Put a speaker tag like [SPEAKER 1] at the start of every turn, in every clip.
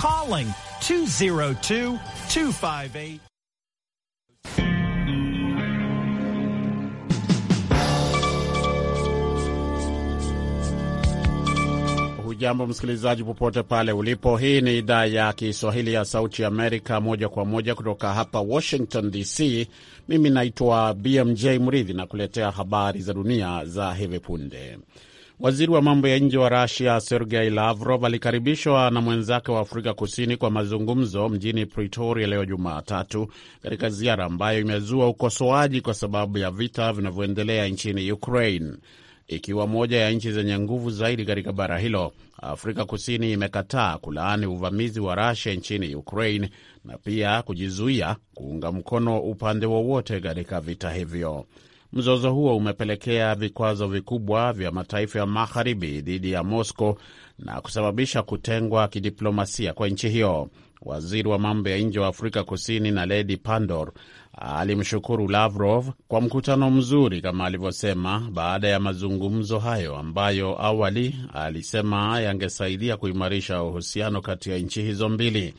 [SPEAKER 1] calling 202 258.
[SPEAKER 2] Hujambo msikilizaji, popote pale ulipo. Hii ni idhaa ya Kiswahili ya Sauti Amerika, moja kwa moja kutoka hapa Washington DC. Mimi naitwa BMJ Mridhi na kuletea habari za dunia za hivi punde. Waziri wa mambo ya nje wa Rusia Sergei Lavrov alikaribishwa na mwenzake wa Afrika Kusini kwa mazungumzo mjini Pretoria leo Jumatatu, katika ziara ambayo imezua ukosoaji kwa sababu ya vita vinavyoendelea nchini Ukraine. Ikiwa moja ya nchi zenye nguvu zaidi katika bara hilo, Afrika Kusini imekataa kulaani uvamizi wa Rusia nchini Ukraine na pia kujizuia kuunga mkono upande wowote katika vita hivyo. Mzozo huo umepelekea vikwazo vikubwa vya mataifa ya magharibi dhidi ya Moscow na kusababisha kutengwa kidiplomasia kwa nchi hiyo. Waziri wa mambo ya nje wa Afrika Kusini na Naledi Pandor alimshukuru Lavrov kwa mkutano mzuri kama alivyosema, baada ya mazungumzo hayo ambayo awali alisema yangesaidia kuimarisha uhusiano kati ya nchi hizo mbili.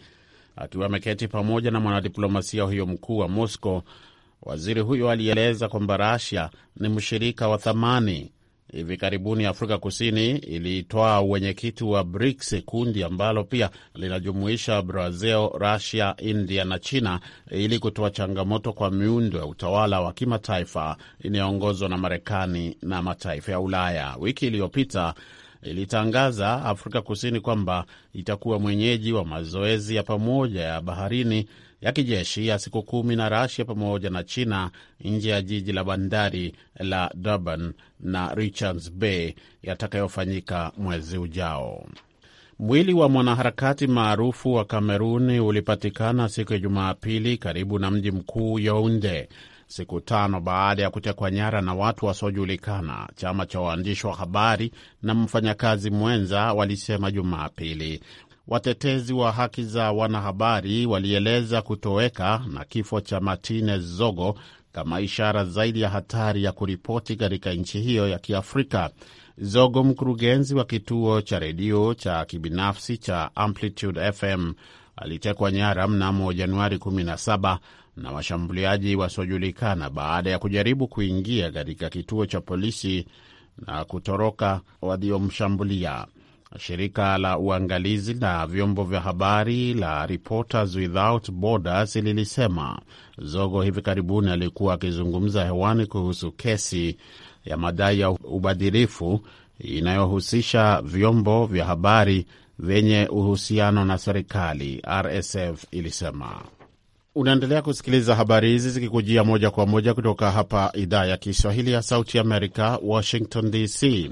[SPEAKER 2] Akiwa ameketi pamoja na mwanadiplomasia huyo mkuu wa Moscow, Waziri huyo alieleza kwamba Rasia ni mshirika wa thamani. Hivi karibuni Afrika Kusini ilitoa uwenyekiti wa BRICS, kundi ambalo pia linajumuisha Brazil, russia India na China, ili kutoa changamoto kwa miundo ya utawala wa kimataifa inayoongozwa na Marekani na mataifa ya Ulaya. Wiki iliyopita ilitangaza Afrika Kusini kwamba itakuwa mwenyeji wa mazoezi ya pamoja ya baharini ya kijeshi ya siku kumi na Rasia pamoja na China nje ya jiji la bandari la Durban na Richards Bay yatakayofanyika mwezi ujao. Mwili wa mwanaharakati maarufu wa Kameruni ulipatikana siku ya Jumapili karibu na mji mkuu younde siku tano baada ya kutekwa nyara na watu wasiojulikana, chama cha waandishi wa habari na mfanyakazi mwenza walisema Jumapili. Watetezi wa haki za wanahabari walieleza kutoweka na kifo cha Martinez Zogo kama ishara zaidi ya hatari ya kuripoti katika nchi hiyo ya Kiafrika. Zogo, mkurugenzi wa kituo cha redio cha kibinafsi cha Amplitude FM, alitekwa nyara mnamo Januari 17 na washambuliaji wasiojulikana baada ya kujaribu kuingia katika kituo cha polisi na kutoroka waliomshambulia. Shirika la uangalizi la vyombo vya habari la Reporters Without Borders lilisema Zogo hivi karibuni alikuwa akizungumza hewani kuhusu kesi ya madai ya ubadhirifu inayohusisha vyombo vya habari vyenye uhusiano na serikali, RSF ilisema. Unaendelea kusikiliza habari hizi zikikujia moja kwa moja kutoka hapa idhaa ya Kiswahili ya Sauti Amerika, Washington DC.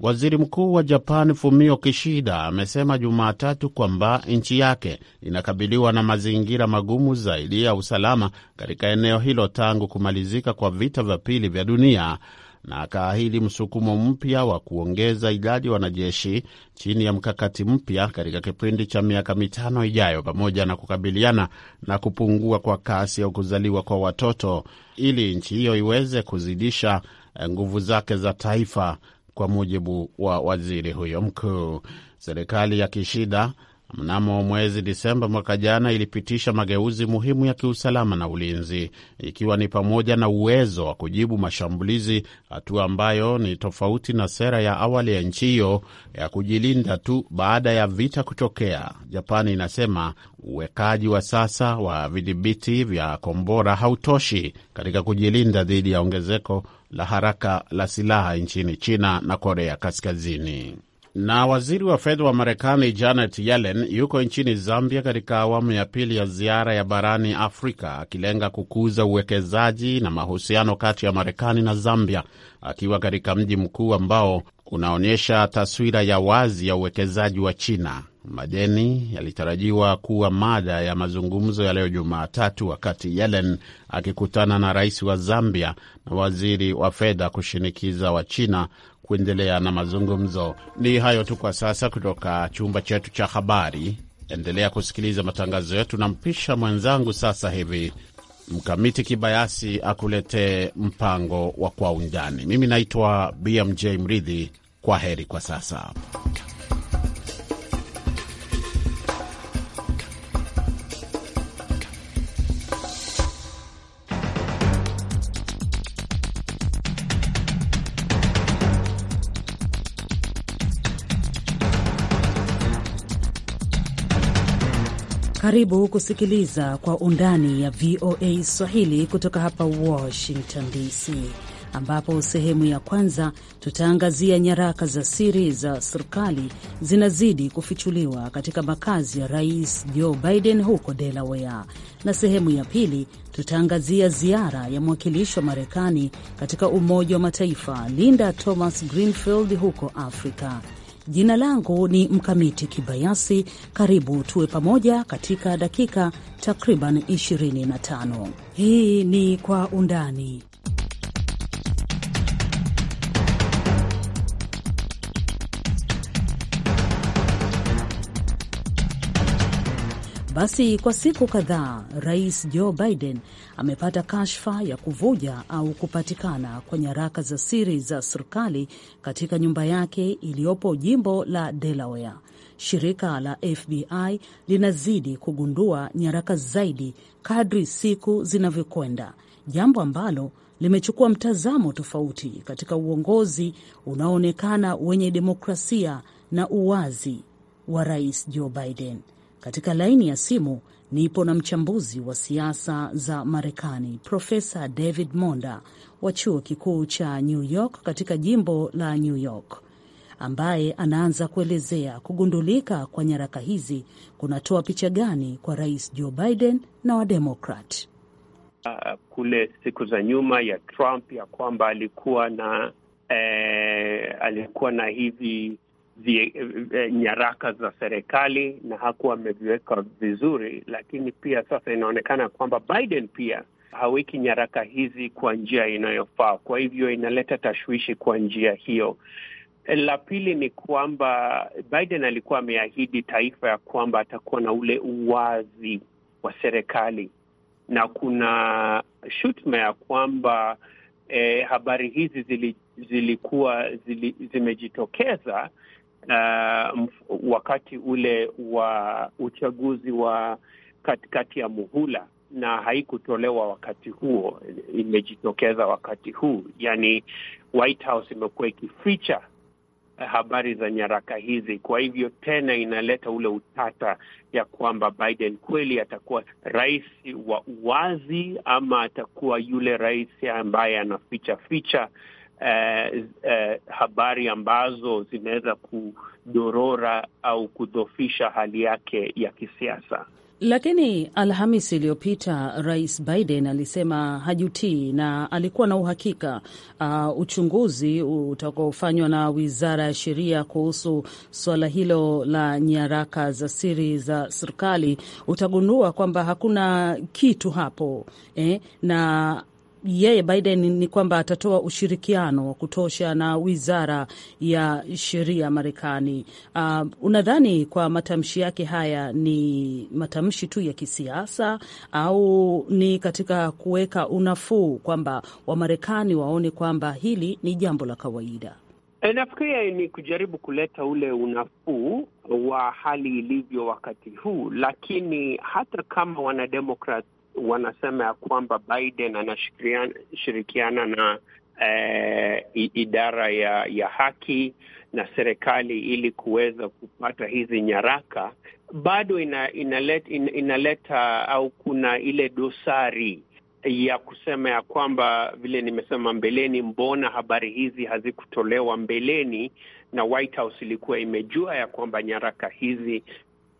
[SPEAKER 2] Waziri Mkuu wa Japan Fumio Kishida amesema Jumatatu kwamba nchi yake inakabiliwa na mazingira magumu zaidi ya usalama katika eneo hilo tangu kumalizika kwa vita vya pili vya dunia, na akaahidi msukumo mpya wa kuongeza idadi ya wanajeshi chini ya mkakati mpya katika kipindi cha miaka mitano ijayo, pamoja na kukabiliana na kupungua kwa kasi ya kuzaliwa kwa watoto ili nchi hiyo iweze kuzidisha eh, nguvu zake za taifa, kwa mujibu wa waziri huyo mkuu. Serikali ya Kishida mnamo mwezi Disemba mwaka jana ilipitisha mageuzi muhimu ya kiusalama na ulinzi, ikiwa ni pamoja na uwezo wa kujibu mashambulizi, hatua ambayo ni tofauti na sera ya awali ya nchi hiyo ya kujilinda tu baada ya vita kutokea. Japani inasema uwekaji wa sasa wa vidhibiti vya kombora hautoshi katika kujilinda dhidi ya ongezeko la haraka la silaha nchini China na Korea Kaskazini. Na waziri wa fedha wa Marekani Janet Yellen yuko nchini Zambia katika awamu ya pili ya ziara ya barani Afrika, akilenga kukuza uwekezaji na mahusiano kati ya Marekani na Zambia, akiwa katika mji mkuu ambao unaonyesha taswira ya wazi ya uwekezaji wa China. Madeni yalitarajiwa kuwa mada ya mazungumzo ya leo Jumatatu, wakati Yellen akikutana na rais wa Zambia na waziri wa fedha kushinikiza wa china kuendelea na mazungumzo. Ni hayo tu kwa sasa kutoka chumba chetu cha habari. Endelea kusikiliza matangazo yetu, na mpisha mwenzangu sasa hivi Mkamiti Kibayasi akuletee mpango wa Kwa Undani. Mimi naitwa BMJ Mridhi. Kwa heri kwa sasa.
[SPEAKER 1] Karibu kusikiliza Kwa Undani ya VOA Swahili kutoka hapa Washington DC, ambapo sehemu ya kwanza tutaangazia nyaraka za siri za serikali zinazidi kufichuliwa katika makazi ya Rais Joe Biden huko Delaware, na sehemu ya pili tutaangazia ziara ya mwakilishi wa Marekani katika Umoja wa Mataifa Linda Thomas Greenfield huko Afrika. Jina langu ni Mkamiti Kibayasi. Karibu tuwe pamoja katika dakika takriban 25. Hii ni Kwa Undani. Basi kwa siku kadhaa Rais Joe Biden amepata kashfa ya kuvuja au kupatikana kwa nyaraka za siri za serikali katika nyumba yake iliyopo jimbo la Delaware. Shirika la FBI linazidi kugundua nyaraka zaidi kadri siku zinavyokwenda, jambo ambalo limechukua mtazamo tofauti katika uongozi unaoonekana wenye demokrasia na uwazi wa Rais Joe Biden. Katika laini ya simu nipo na mchambuzi wa siasa za Marekani Profesa David Monda wa chuo kikuu cha New York katika jimbo la New York ambaye anaanza kuelezea kugundulika kwa nyaraka hizi kunatoa picha gani kwa Rais Joe Biden na Wademokrat.
[SPEAKER 3] Uh, ah, kule siku za nyuma ya Trump ya kwamba alikuwa na eh, alikuwa na hivi vye, eh, vye, nyaraka za serikali na hakuwa ameviweka vizuri, lakini pia sasa inaonekana kwamba Biden pia haweki nyaraka hizi kwa njia inayofaa. Kwa hivyo inaleta tashwishi kwa njia hiyo. La pili ni kwamba Biden alikuwa ameahidi taifa ya kwamba atakuwa na ule uwazi wa serikali, na kuna shutuma ya kwamba eh, habari hizi zili, zilikuwa zili, zimejitokeza uh, wakati ule wa uchaguzi wa katikati ya muhula na haikutolewa wakati huo, imejitokeza wakati huu. Yani White House imekuwa ikificha habari za nyaraka hizi, kwa hivyo tena inaleta ule utata ya kwamba Biden kweli atakuwa rais wa uwazi ama atakuwa yule rais ambaye anaficha ficha eh, eh, habari ambazo zinaweza kudorora au kudhofisha hali yake ya kisiasa.
[SPEAKER 1] Lakini Alhamis iliyopita Rais Biden alisema hajutii na alikuwa na uhakika uh, uchunguzi utakaofanywa na wizara ya sheria kuhusu suala hilo la nyaraka za siri za serikali utagundua kwamba hakuna kitu hapo eh, na yeye Biden ni kwamba atatoa ushirikiano wa kutosha na wizara ya sheria Marekani. Uh, unadhani kwa matamshi yake haya ni matamshi tu ya kisiasa au ni katika kuweka unafuu kwamba Wamarekani waone kwamba hili ni jambo la kawaida?
[SPEAKER 3] E, nafikiria ni kujaribu kuleta ule unafuu wa hali ilivyo wakati huu, lakini hata kama wanademokrat wanasema ya kwamba Biden anashirikiana na eh, idara ya, ya haki na serikali ili kuweza kupata hizi nyaraka, bado ina, inalet, in, inaleta au kuna ile dosari ya kusema ya kwamba vile nimesema mbeleni, mbona habari hizi hazikutolewa mbeleni? Na White House ilikuwa imejua ya kwamba nyaraka hizi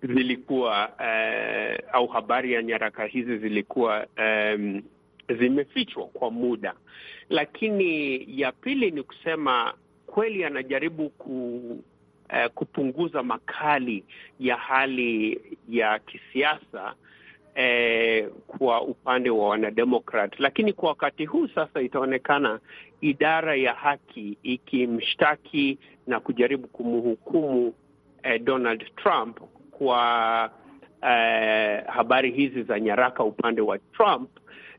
[SPEAKER 3] zilikuwa eh, au habari ya nyaraka hizi zilikuwa eh, zimefichwa kwa muda. Lakini ya pili ni kusema kweli anajaribu ku, eh, kupunguza makali ya hali ya kisiasa eh, kwa upande wa wanademokrat, lakini kwa wakati huu sasa itaonekana idara ya haki ikimshtaki na kujaribu kumhukumu eh, Donald Trump kwa eh, habari hizi za nyaraka upande wa Trump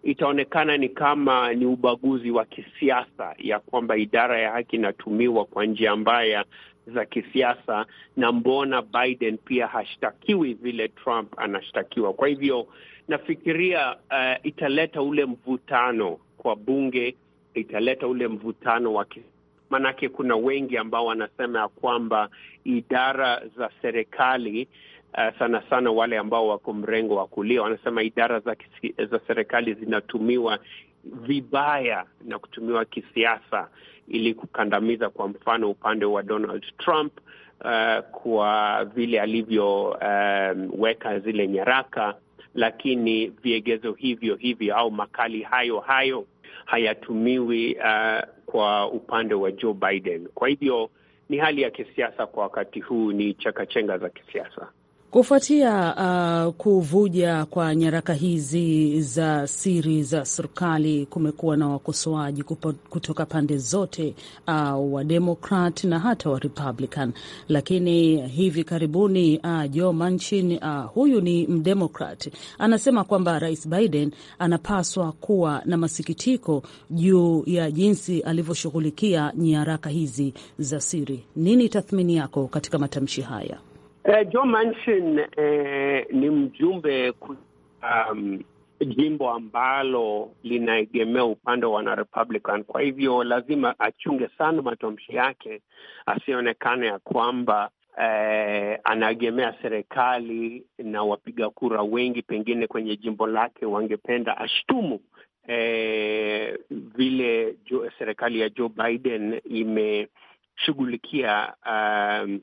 [SPEAKER 3] itaonekana ni kama ni ubaguzi wa kisiasa, ya kwamba idara ya haki inatumiwa kwa njia mbaya za kisiasa, na mbona Biden pia hashtakiwi vile Trump anashtakiwa? Kwa hivyo nafikiria uh, italeta ule mvutano kwa bunge, italeta ule mvutano wa maanake, kuna wengi ambao wanasema ya kwamba idara za serikali uh, sana sana wale ambao wako mrengo wa kulia wanasema idara za, za serikali zinatumiwa vibaya na kutumiwa kisiasa ili kukandamiza, kwa mfano upande wa Donald Trump uh, kwa vile alivyoweka eh, um, zile nyaraka, lakini viegezo hivyo hivyo au makali hayo hayo hayatumiwi uh, kwa upande wa Joe Biden. Kwa hivyo ni hali ya kisiasa kwa wakati huu, ni chakachenga za kisiasa.
[SPEAKER 1] Kufuatia uh, kuvuja kwa nyaraka hizi za siri za serikali, kumekuwa na wakosoaji kutoka pande zote, uh, wa na hata wa Republican. Lakini hivi karibuni uh, Joe Manchin uh, huyu ni mdemokrat, anasema kwamba Rais Biden anapaswa kuwa na masikitiko juu ya jinsi alivyoshughulikia nyaraka hizi za siri. Nini tathmini yako katika matamshi haya?
[SPEAKER 3] Uh, eh, Joe Manchin uh, ni mjumbe kwa um, jimbo ambalo linaegemea upande wa wanarepublican. Kwa hivyo lazima achunge sana matamshi yake, asionekane ya kwamba uh, anaegemea serikali na wapiga kura wengi pengine kwenye jimbo lake wangependa ashtumu uh, vile jo, serikali ya Joe Biden imeshughulikia um,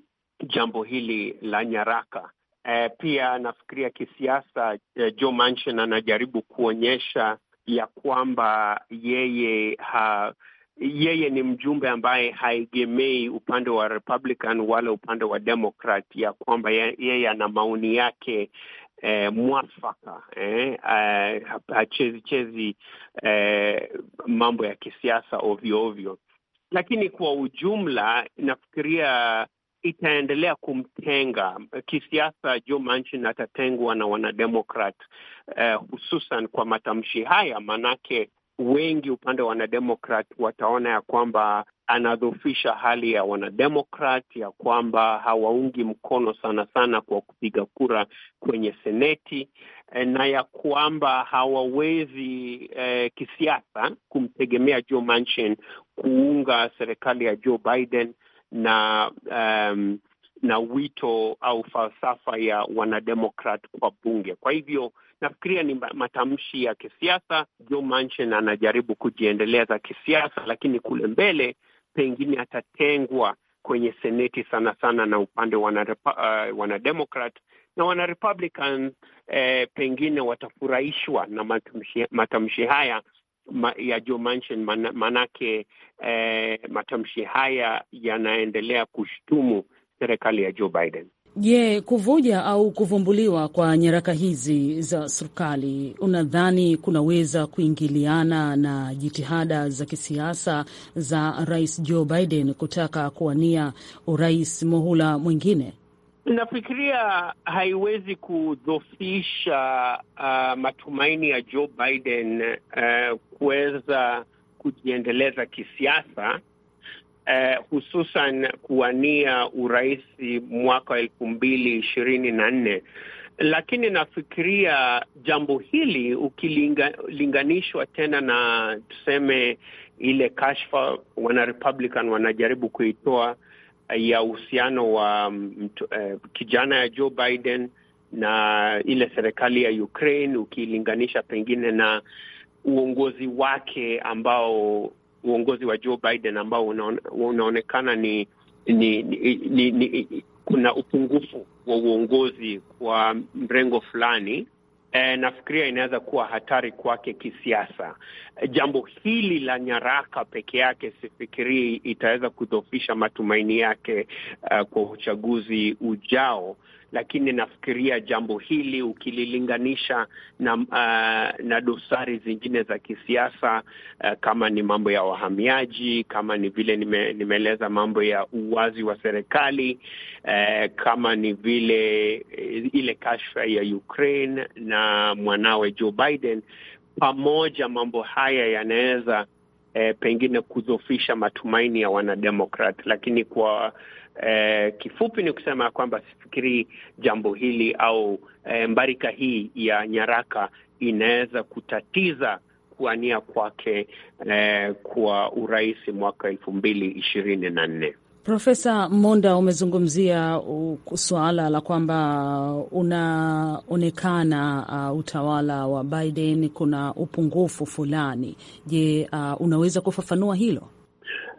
[SPEAKER 3] jambo hili la nyaraka. E, pia nafikiria kisiasa, e, Joe Manchin anajaribu kuonyesha ya kwamba yeye ha, yeye ni mjumbe ambaye haegemei upande wa Republican wala upande wa Democrat, ya kwamba yeye ana maoni yake e, mwafaka e, hachezi chezi e, mambo ya kisiasa ovyo ovyo, lakini kwa ujumla nafikiria itaendelea kumtenga kisiasa. Joe Manchin atatengwa na wanademokrat uh, hususan kwa matamshi haya, maanake wengi upande wa wanademokrat wataona ya kwamba anadhofisha hali ya wanademokrat ya kwamba hawaungi mkono sana sana kwa kupiga kura kwenye seneti eh, na ya kwamba hawawezi eh, kisiasa kumtegemea Joe Manchin kuunga serikali ya Joe Biden na um, na wito au falsafa ya wanademokrat kwa bunge. Kwa hivyo nafikiria ni matamshi ya kisiasa. jo Manchin anajaribu kujiendeleza kisiasa, lakini kule mbele pengine atatengwa kwenye seneti sana sana na upande wanademokrat uh, wanademokrat na wanarepublican eh, pengine watafurahishwa na matamshi haya ma, ya Joe Manchin man, manake eh, matamshi haya yanaendelea kushtumu serikali ya Joe Biden.
[SPEAKER 1] Je, kuvuja au kuvumbuliwa kwa nyaraka hizi za serikali unadhani kunaweza kuingiliana na jitihada za kisiasa za Rais Joe Biden kutaka kuwania urais muhula mwingine?
[SPEAKER 3] Nafikiria haiwezi kudhofisha uh, matumaini ya Joe Biden uh, kuweza kujiendeleza kisiasa uh, hususan kuwania urais mwaka wa elfu mbili ishirini na nne lakini nafikiria jambo hili ukilinganishwa tena na tuseme ile kashfa wanarepublican wanajaribu kuitoa ya uhusiano wa mm, mtu, eh, kijana ya Joe Biden na ile serikali ya Ukraine ukilinganisha pengine na uongozi wake ambao uongozi wa Joe Biden ambao unaone, unaonekana ni, ni, ni, ni, ni kuna upungufu wa uongozi kwa mrengo fulani E, nafikiria inaweza kuwa hatari kwake kisiasa. Eh, jambo hili la nyaraka peke yake sifikirii itaweza kudhoofisha matumaini yake uh, kwa uchaguzi ujao lakini nafikiria jambo hili ukililinganisha na, uh, na dosari zingine za kisiasa uh, kama ni mambo ya wahamiaji, kama ni vile nime, nimeeleza mambo ya uwazi wa serikali uh, kama ni vile uh, ile kashfa ya Ukraine na mwanawe Joe Biden, pamoja mambo haya yanaweza E, pengine kudhofisha matumaini ya Wanademokrat, lakini kwa Eh, kifupi ni kusema kwamba sifikiri jambo hili au eh, mbarika hii ya nyaraka inaweza kutatiza kuania kwake eh, kwa urais mwaka elfu mbili ishirini na nne.
[SPEAKER 1] Profesa Monda, umezungumzia suala la kwamba unaonekana uh, utawala wa Biden kuna upungufu fulani. Je, uh, unaweza kufafanua hilo?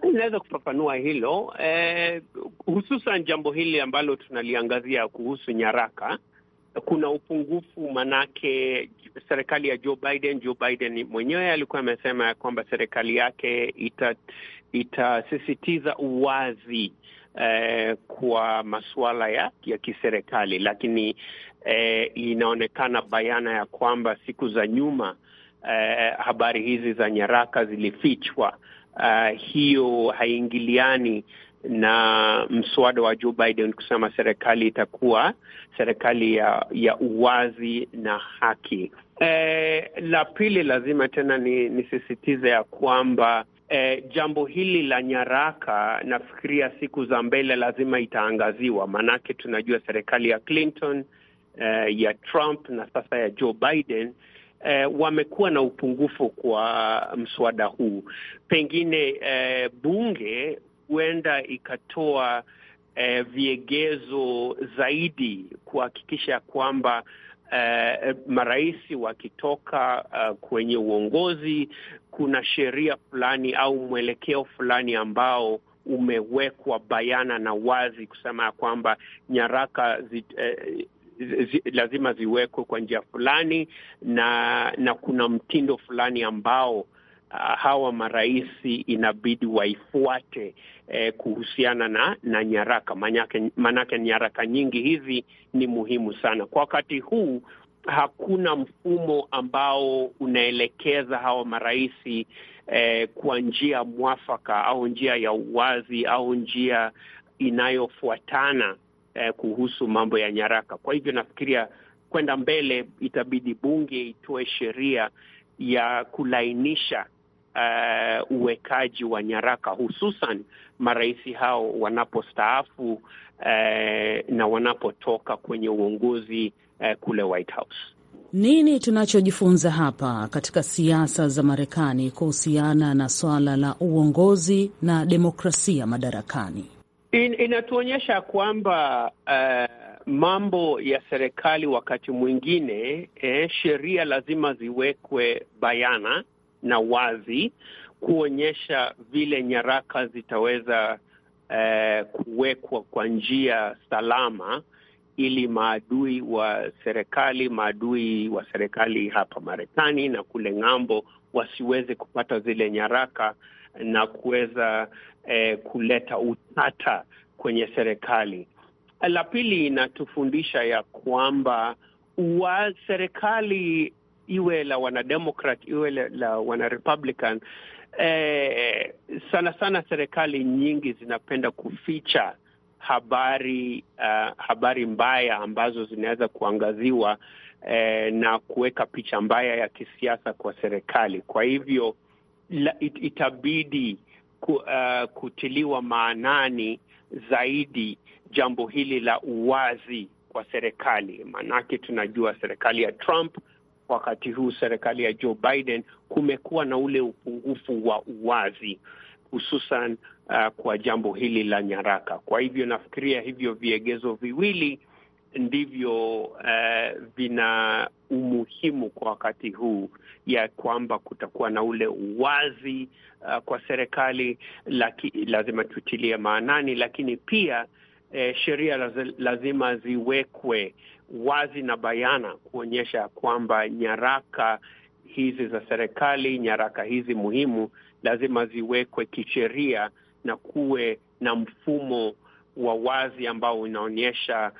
[SPEAKER 3] Inaweza kufafanua hilo eh, hususan jambo hili ambalo tunaliangazia kuhusu nyaraka. Kuna upungufu manake, serikali ya Joe Biden, Joe Biden mwenyewe alikuwa amesema ya kwamba serikali yake itasisitiza ita uwazi eh, kwa masuala ya, ya kiserikali, lakini eh, inaonekana bayana ya kwamba siku za nyuma eh, habari hizi za nyaraka zilifichwa uh, hiyo haiingiliani na mswada wa Joe Biden kusema serikali itakuwa serikali ya, ya uwazi na haki. E, la pili lazima tena ni, nisisitize ya kwamba e, jambo hili la nyaraka nafikiria siku za mbele lazima itaangaziwa, maanake tunajua serikali ya Clinton e, ya Trump na sasa ya Joe Biden eh, wamekuwa na upungufu kwa mswada huu. Pengine eh, bunge huenda ikatoa eh, viegezo zaidi kuhakikisha kwamba Uh, marais wakitoka uh, kwenye uongozi kuna sheria fulani au mwelekeo fulani ambao umewekwa bayana na wazi kusema ya kwamba nyaraka zi, eh, zi, lazima ziwekwe kwa njia fulani, na na kuna mtindo fulani ambao Uh, hawa maraisi inabidi waifuate eh, kuhusiana na na nyaraka maanake manake nyaraka nyingi hizi ni muhimu sana kwa wakati huu. Hakuna mfumo ambao unaelekeza hawa maraisi eh, kwa njia mwafaka au njia ya uwazi au njia inayofuatana eh, kuhusu mambo ya nyaraka. Kwa hivyo nafikiria kwenda mbele itabidi bunge itoe sheria ya kulainisha uh, uwekaji wa nyaraka hususan marais hao wanapostaafu uh, na wanapotoka kwenye uongozi uh, kule White
[SPEAKER 1] House. Nini tunachojifunza hapa katika siasa za Marekani kuhusiana na swala la uongozi na demokrasia madarakani?
[SPEAKER 3] In, inatuonyesha kwamba uh, mambo ya serikali wakati mwingine eh, sheria lazima ziwekwe bayana na wazi kuonyesha vile nyaraka zitaweza eh, kuwekwa kwa njia salama ili maadui wa serikali maadui wa serikali hapa Marekani na kule ng'ambo wasiweze kupata zile nyaraka na kuweza eh, kuleta utata kwenye serikali. La pili inatufundisha ya kwamba wa serikali iwe la wanademokrat iwe la wanarepublican eh, sana sana serikali nyingi zinapenda kuficha habari uh, habari mbaya ambazo zinaweza kuangaziwa eh, na kuweka picha mbaya ya kisiasa kwa serikali. Kwa hivyo la, it, itabidi ku, uh, kutiliwa maanani zaidi jambo hili la uwazi kwa serikali, maanake tunajua serikali ya Trump wakati huu serikali ya Joe Biden kumekuwa na ule upungufu wa uwazi hususan uh, kwa jambo hili la nyaraka. Kwa hivyo nafikiria hivyo viegezo viwili ndivyo uh, vina umuhimu kwa wakati huu ya kwamba kutakuwa na ule uwazi uh, kwa serikali laki, lazima tutilie maanani, lakini pia eh, sheria lazima ziwekwe wazi na bayana kuonyesha kwamba nyaraka hizi za serikali, nyaraka hizi muhimu lazima ziwekwe kisheria na kuwe na mfumo wa wazi ambao unaonyesha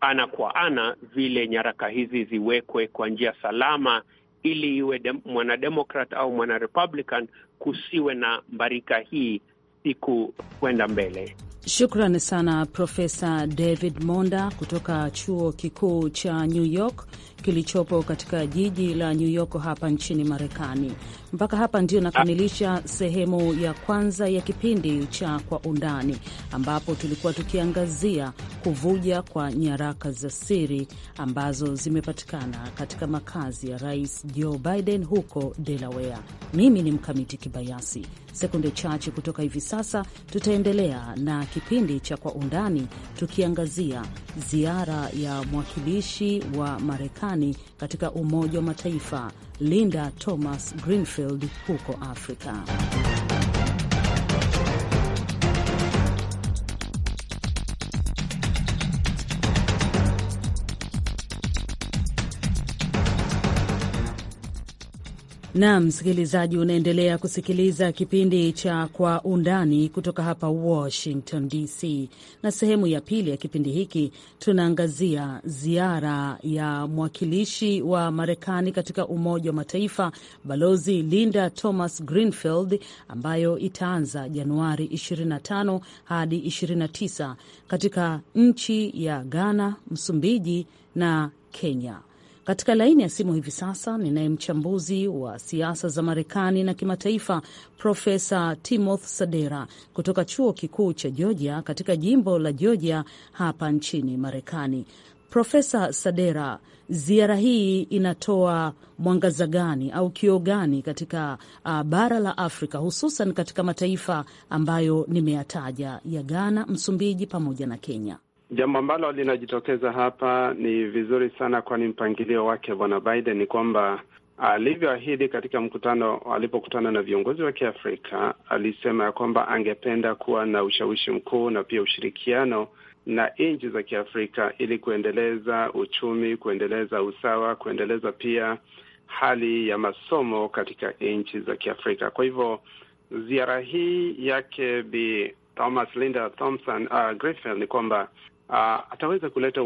[SPEAKER 3] ana kwa ana vile nyaraka hizi ziwekwe kwa njia salama ili iwe dem, mwanademokrat au mwanarepublican, kusiwe na mbarika hii siku kwenda mbele.
[SPEAKER 1] Shukrani sana Profesa David Monda kutoka chuo kikuu cha New York kilichopo katika jiji la New York hapa nchini Marekani. Mpaka hapa ndio nakamilisha sehemu ya kwanza ya kipindi cha Kwa Undani, ambapo tulikuwa tukiangazia kuvuja kwa nyaraka za siri ambazo zimepatikana katika makazi ya Rais Joe Biden huko Delaware. Mimi ni Mkamiti Kibayasi. Sekunde chache kutoka hivi sasa tutaendelea na kipindi cha Kwa Undani tukiangazia ziara ya mwakilishi wa Marekani Marekani katika Umoja wa Mataifa Linda Thomas Greenfield huko Afrika. na msikilizaji, unaendelea kusikiliza kipindi cha Kwa Undani kutoka hapa Washington DC, na sehemu ya pili ya kipindi hiki tunaangazia ziara ya mwakilishi wa Marekani katika Umoja wa Mataifa, Balozi Linda Thomas Greenfield, ambayo itaanza Januari 25 hadi 29 katika nchi ya Ghana, Msumbiji na Kenya. Katika laini ya simu hivi sasa ninaye mchambuzi wa siasa za Marekani na kimataifa Profesa Timothy Sadera kutoka chuo kikuu cha Georgia katika jimbo la Georgia hapa nchini Marekani. Profesa Sadera, ziara hii inatoa mwangaza gani au kioo gani katika uh, bara la Afrika hususan katika mataifa ambayo nimeyataja ya Ghana, Msumbiji pamoja na Kenya?
[SPEAKER 4] Jambo ambalo linajitokeza hapa ni vizuri sana, kwani mpangilio wake bwana Biden ni kwamba alivyoahidi katika mkutano alipokutana na viongozi wa Kiafrika, alisema ya kwamba angependa kuwa na ushawishi mkuu na pia ushirikiano na nchi za Kiafrika ili kuendeleza uchumi, kuendeleza usawa, kuendeleza pia hali ya masomo katika nchi za Kiafrika. Kwa hivyo ziara hii yake Bi Thomas Linda Thompson uh, Grifel ni kwamba uh, ataweza kuleta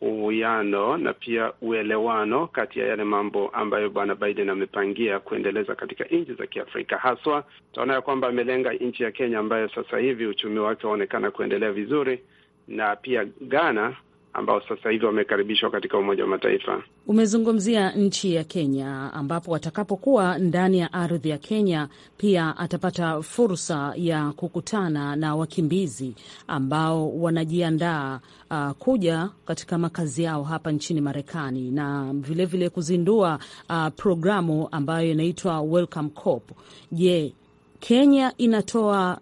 [SPEAKER 4] uwiano na pia uelewano kati ya yale mambo ambayo bwana Biden amepangia kuendeleza katika nchi za Kiafrika. Haswa utaona ya kwamba amelenga nchi ya Kenya ambayo sasa hivi uchumi wake waonekana kuendelea vizuri, na pia Ghana ambao sasa hivi wamekaribishwa katika Umoja wa Mataifa.
[SPEAKER 1] Umezungumzia nchi ya Kenya, ambapo atakapokuwa ndani ya ardhi ya Kenya pia atapata fursa ya kukutana na wakimbizi ambao wanajiandaa uh, kuja katika makazi yao hapa nchini Marekani na vilevile vile kuzindua uh, programu ambayo inaitwa Welcome Corp. Je, Kenya inatoa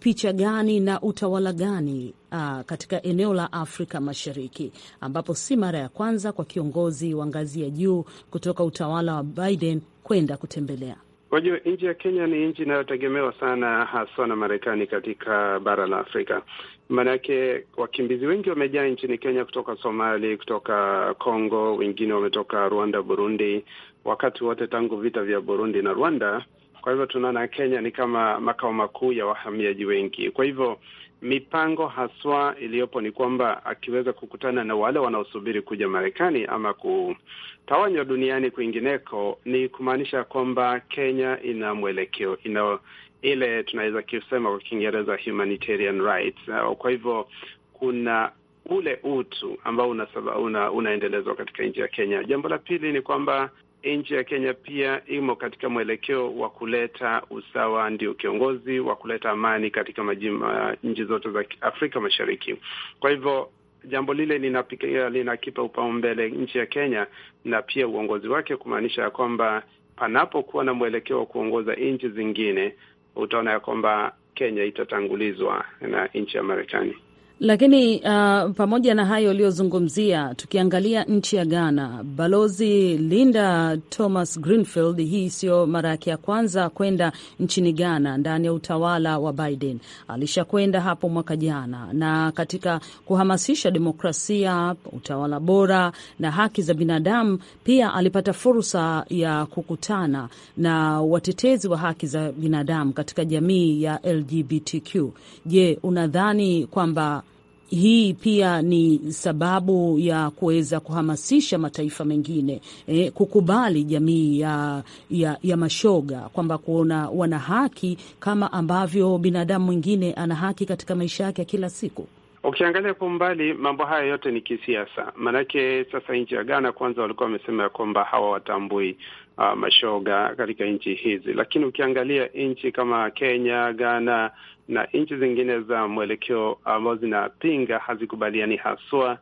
[SPEAKER 1] picha gani na utawala gani uh, katika eneo la Afrika Mashariki, ambapo si mara ya kwanza kwa kiongozi wa ngazi ya juu kutoka utawala wa Biden kwenda kutembelea
[SPEAKER 4] Wajua, nchi ya Kenya ni nchi inayotegemewa sana haswa na Marekani katika bara la Afrika. Maanake wakimbizi wengi wamejaa nchini Kenya kutoka Somali, kutoka congo wengine wametoka Rwanda, Burundi, wakati wote tangu vita vya Burundi na Rwanda. Kwa hivyo tunaona Kenya ni kama makao makuu ya wahamiaji wengi. Kwa hivyo mipango haswa iliyopo ni kwamba akiweza kukutana na wale wanaosubiri kuja Marekani ama kutawanywa duniani kwingineko, ni kumaanisha kwamba Kenya ina mwelekeo, ina ile tunaweza kusema kwa Kiingereza humanitarian rights. Kwa hivyo kuna ule utu ambao una, una, unaendelezwa katika nchi ya Kenya. Jambo la pili ni kwamba nchi ya Kenya pia imo katika mwelekeo wa kuleta usawa, ndio kiongozi wa kuleta amani katika majima, nchi zote za Afrika Mashariki. Kwa hivyo jambo lile linapikia, linakipa upaumbele nchi ya Kenya na pia uongozi wake, kumaanisha ya kwamba panapokuwa na mwelekeo wa kuongoza nchi zingine, utaona ya kwamba Kenya itatangulizwa na nchi ya Marekani.
[SPEAKER 1] Lakini uh, pamoja na hayo uliyozungumzia, tukiangalia nchi ya Ghana, balozi Linda Thomas Greenfield, hii siyo mara yake ya kwanza kwenda nchini Ghana ndani ya utawala wa Biden. Alishakwenda hapo mwaka jana, na katika kuhamasisha demokrasia, utawala bora na haki za binadamu, pia alipata fursa ya kukutana na watetezi wa haki za binadamu katika jamii ya LGBTQ. Je, unadhani kwamba hii pia ni sababu ya kuweza kuhamasisha mataifa mengine e, kukubali jamii ya, ya, ya mashoga kwamba kuona wana haki kama ambavyo binadamu mwingine ana haki katika maisha yake ya kila siku.
[SPEAKER 4] Ukiangalia kwa umbali mambo haya yote ni kisiasa, maanake sasa nchi ya Ghana kwanza walikuwa wamesema ya kwamba watambui uh, mashoga katika nchi hizi, lakini ukiangalia nchi kama Kenya, Ghana na nchi zingine za mwelekeo ambao zinapinga hazikubaliani haswa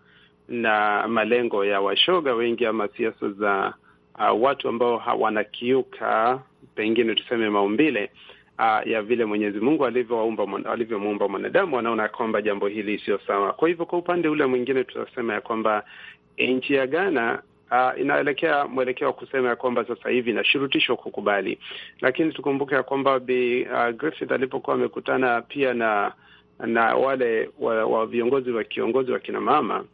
[SPEAKER 4] na malengo ya washoga wengi ama siasa za uh, watu ambao wanakiuka pengine tuseme maumbile uh, ya vile Mwenyezi Mungu alivyomuumba mwanadamu, wanaona kwamba jambo hili sio sawa. Kwa hivyo, kwa upande ule mwingine tutasema ya kwamba nchi ya Ghana uh, inaelekea mwelekeo wa kusema ya kwamba sasa hivi inashurutishwa kukubali, lakini tukumbuke ya kwamba Bi uh, Griffith alipokuwa amekutana pia na na wale wa, wa viongozi wa kiongozi wa kinamama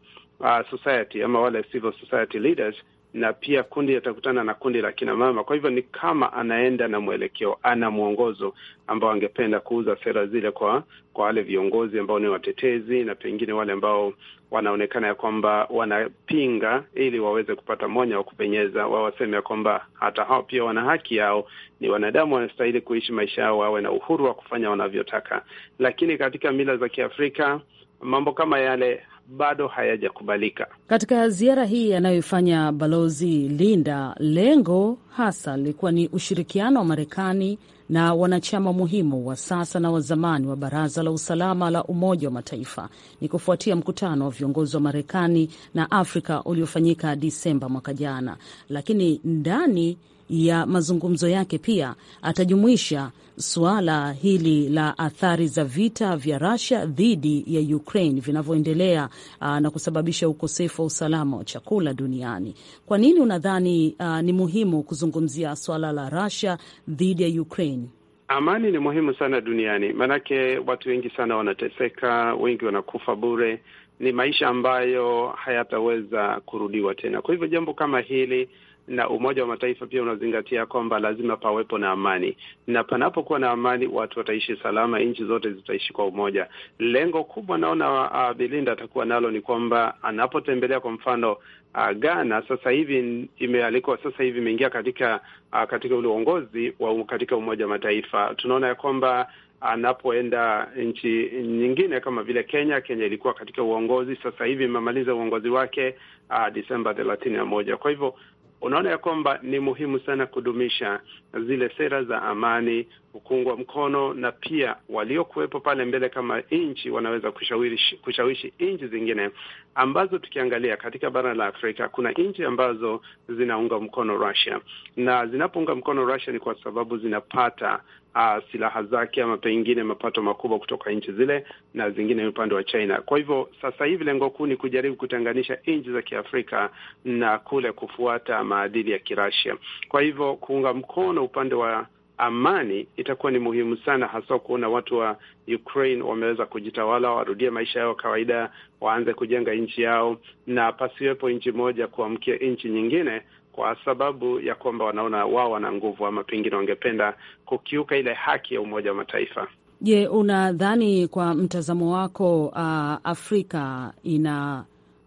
[SPEAKER 4] uh, ah, society ama wale civil society leaders na pia kundi atakutana na kundi la kina mama. Kwa hivyo ni kama anaenda na mwelekeo, ana mwongozo ambao angependa kuuza sera zile kwa kwa wale viongozi ambao ni watetezi na pengine wale ambao wanaonekana ya kwamba wanapinga, ili waweze kupata mwanya wa kupenyeza, wao waseme ya kwamba hata hao pia wana haki yao, ni wanadamu, wanastahili kuishi maisha yao, wawe na uhuru wa kufanya wanavyotaka. Lakini katika mila za Kiafrika mambo kama yale bado hayajakubalika.
[SPEAKER 1] Katika ziara hii anayoifanya Balozi Linda, lengo hasa lilikuwa ni ushirikiano wa Marekani na wanachama muhimu wa sasa na wa zamani wa Baraza la Usalama la Umoja wa Mataifa. Ni kufuatia mkutano wa viongozi wa Marekani na Afrika uliofanyika Disemba mwaka jana, lakini ndani ya mazungumzo yake pia atajumuisha suala hili la athari za vita vya Russia dhidi ya Ukraine vinavyoendelea uh, na kusababisha ukosefu wa usalama wa chakula duniani. Kwa nini unadhani a, uh, ni muhimu kuzungumzia suala la Russia dhidi ya Ukraine?
[SPEAKER 4] Amani ni muhimu sana duniani, maanake watu wengi sana wanateseka, wengi wanakufa bure. Ni maisha ambayo hayataweza kurudiwa tena. Kwa hivyo jambo kama hili na Umoja wa Mataifa pia unazingatia kwamba lazima pawepo na amani, na panapokuwa na amani watu wataishi salama, nchi zote zitaishi kwa umoja. Lengo kubwa naona uh, Bilinda atakuwa nalo ni kwamba anapotembelea kwa mfano uh, Ghana sasa hivi imealikwa, sasa hivi imeingia katika uh, katika ule uongozi wa katika Umoja wa Mataifa, tunaona ya kwamba anapoenda nchi nyingine kama vile Kenya. Kenya ilikuwa katika uongozi, sasa hivi imemaliza uongozi wake uh, Disemba thelathini na moja. Kwa hivyo unaona ya kwamba ni muhimu sana kudumisha zile sera za amani kuungwa mkono na pia waliokuwepo pale mbele kama nchi wanaweza kushawishi, kushawishi nchi zingine ambazo tukiangalia katika bara la Afrika kuna nchi ambazo zinaunga mkono Russia, na zinapounga mkono Russia ni kwa sababu zinapata uh, silaha zake ama pengine mapato makubwa kutoka nchi zile na zingine upande wa China. Kwa hivyo sasa hivi lengo kuu ni kujaribu kutenganisha nchi za Kiafrika na kule kufuata maadili ya Kirasia. Kwa hivyo kuunga mkono upande wa amani itakuwa ni muhimu sana, hasa kuona watu wa Ukraine wameweza kujitawala, warudie maisha yao kawaida, waanze kujenga nchi yao, na pasiwepo nchi moja kuamkia nchi nyingine kwa sababu ya kwamba wanaona wao wana nguvu ama pengine wangependa kukiuka ile haki ya Umoja wa Mataifa.
[SPEAKER 1] Je, unadhani kwa mtazamo wako, uh, Afrika ina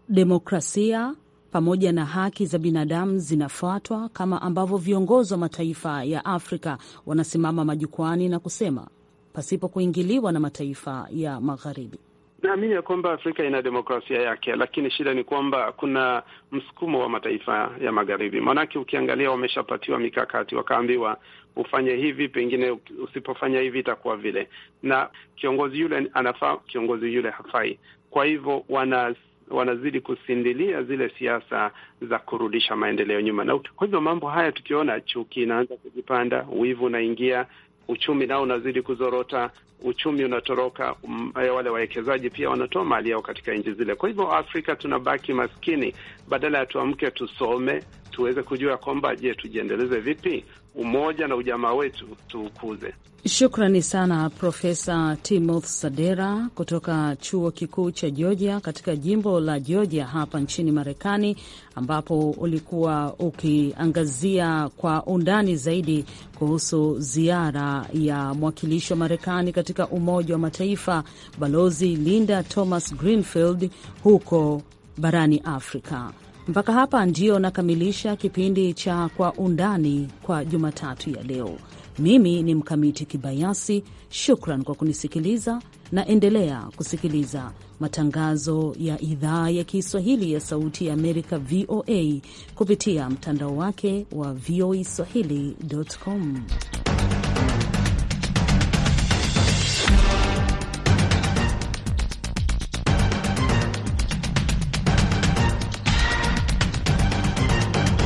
[SPEAKER 1] demokrasia pamoja na haki za binadamu zinafuatwa kama ambavyo viongozi wa mataifa ya Afrika wanasimama majukwani na kusema pasipo kuingiliwa na mataifa ya Magharibi.
[SPEAKER 4] Naamini ya kwamba Afrika ina demokrasia yake, lakini shida ni kwamba kuna msukumo wa mataifa ya Magharibi. Maanake ukiangalia wameshapatiwa mikakati, wakaambiwa ufanye hivi, pengine usipofanya hivi itakuwa vile, na kiongozi yule anafaa, kiongozi yule hafai. Kwa hivyo wana wanazidi kusindilia zile siasa za kurudisha maendeleo nyuma. Na kwa hivyo mambo haya tukiona, chuki inaanza kujipanda, wivu unaingia, uchumi nao unazidi kuzorota, uchumi unatoroka, eh, wale wawekezaji pia wanatoa mali yao katika nchi zile. Kwa hivyo Afrika tunabaki maskini, badala ya tuamke, tusome, tuweze kujua kwamba je, tujiendeleze vipi? umoja na ujamaa wetu tuukuze.
[SPEAKER 1] Shukrani sana Profesa Timothy Sadera kutoka chuo kikuu cha Georgia katika jimbo la Georgia hapa nchini Marekani, ambapo ulikuwa ukiangazia kwa undani zaidi kuhusu ziara ya mwakilishi wa Marekani katika Umoja wa Mataifa Balozi Linda Thomas Greenfield huko barani Afrika. Mpaka hapa ndio nakamilisha kipindi cha Kwa Undani kwa Jumatatu ya leo. Mimi ni Mkamiti Kibayasi, shukran kwa kunisikiliza, na endelea kusikiliza matangazo ya idhaa ya Kiswahili ya Sauti ya Amerika, VOA, kupitia mtandao wake wa voaswahili.com.